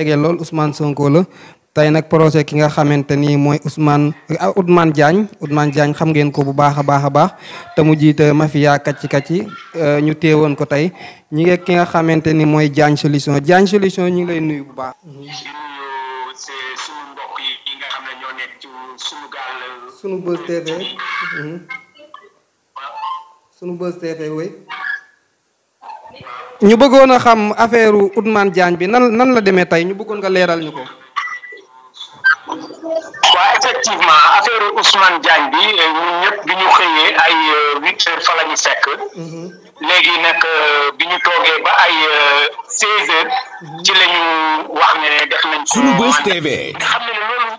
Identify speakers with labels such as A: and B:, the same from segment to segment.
A: jege lool Ousmane Sonko la tey nag projet ki nga xamante ni mooy Ousmane ah, Oudmane Diagne Oudmane Diagne xam ngeen ko bu baax a baax a baax te mu jiite mafia kàcci kàcci euh, ñu téewoon ko tey ñi ngi ki nga xamante ni mooy Diagne solution Diagne solution ñu ngi lay nuyu bu baax. sunu Buzz TV mhm. sunu ñu bëggoon a xam affaire Ousmane Diagne bi nan nan la demee tey ñu bëggoon nga leeral ñu ko.
B: waaw effectivement affaire Ousmane Diagne bi eh, ñun ñëpp bi ñu xëyee ay euh, huit heures fa la fekk. Mhm. léegi nag euh, bi ñu toogee ba ay euh, seize heures. Mhm. ci la wax ne def nañ ko. Sunubuzz TV. xam ne loolu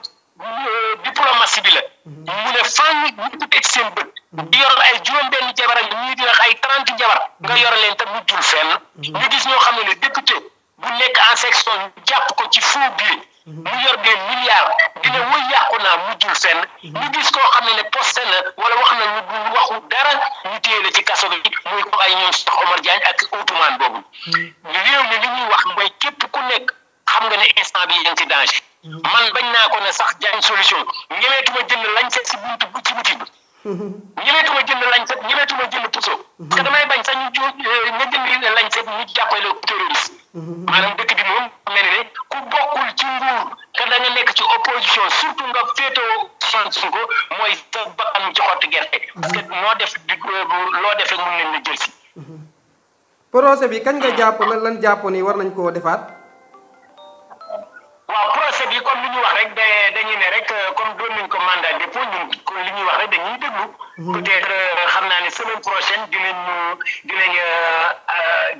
B: diplomatie mu ne fànn ñu ko teg seen bët. di yoral ay juróom-benn jabar ak ñii di wax ay trent jabar. nga yor leen te mujjul fenn. ñu gis ñoo xam ne ne député bu nekk en section jàpp ko ci faux billet. mu yor des milliards dina wëy yàqu naa mujjul fenn ñu gis koo xam ne ne post na wala wax na ñu dul waxu dara ñu téye la ci kaso bi muy ko ay ñoom Cheikh Omar Diagne ak Outoumane boobu mm. réew mi li ñuy wax mooy képp ku nekk xam nga ne instant bi yaa ngi Mm-hmm. man bañ naa ko ne sax jaañ solution ñemeetuma jënd lañset si buntu bu ci boutique
A: bi mm-hmm.
B: ñemeetuma jënd lañset ñemeetuma jënd puso mm-hmm. parce que damay bañ sax ñu jo eh, nga jënd lañset ñu jàppale terroriste maanaam dëkk bi moom mel ne ku bokkul ci nguur te da nga nekk ci opposition surtout nga féetoo Ousmane Sonko mooy sa bakkan ci xotti gerte parce que noo def euh, loo def rek mun leen jël si
A: projet bi kañ nga jàpp lan lan jàpp ni war nañ koo defaat
B: bi comme li ñu wax rek dañu ne rek euh, comme doon nañ ko mandat dépôt ñun li ñuy wax rek dañuy déglu. Mhm. peut-être euh, xam naa ni semaine prochaine dinañ dinañ euh,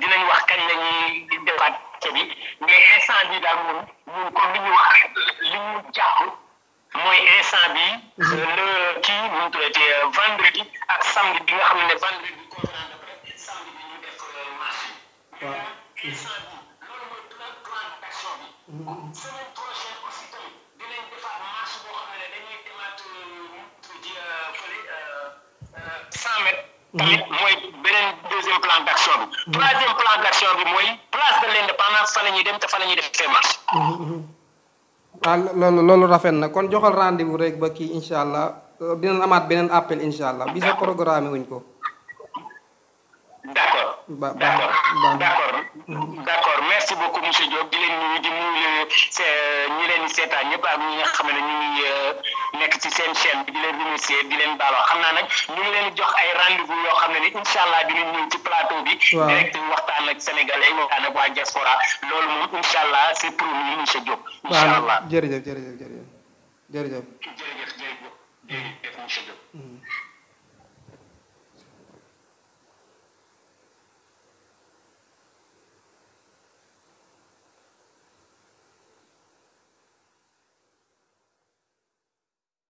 B: dinañ wax kañ la ñuy defaat bi mais instant bi daal moom ñun comme li ñu wax li ñu jàpp mooy instant bi mhm. le kii mu traité vendredi ak samedi bi nga xam ne vendredi bi Ahmed. tamit mhm. mooy beneen deuxième plan d' action bi. Mhm. troisième plan d' bi mooy place de l' indépendance fa la dem te fa la ñuy def seen marche.
A: Mhm, ah loolu rafet na kon joxal rendez vous rek ba ki incha allah euh, dinañ amaat beneen appel incha allah bi sa programme wuñ ko. d' accord. ba d' accord d' accord d'
B: accord merci beaucoup leen euh, ñi seetaan ñëpp ak ñi nga xam ne ñu ngi. Euh, nekk ci seen chaîne bi di leen remercier di leen baaloo xam naa nag ñu ngi leen jox ay rendez-vous yoo xam ne ni incha allah dinañ ñëw ci plateau bi. direct waxtaan ak sénégalais waxtaan ak waa diaspora loolu moom incha allah c'est promis monsieur Diop.
A: incha allah jërëjëf jërëjëf jërëjëf jërëjëf.
B: jërëjëf jërëjëf jërëjëf monsieur Diop.
A: Mm-hmm.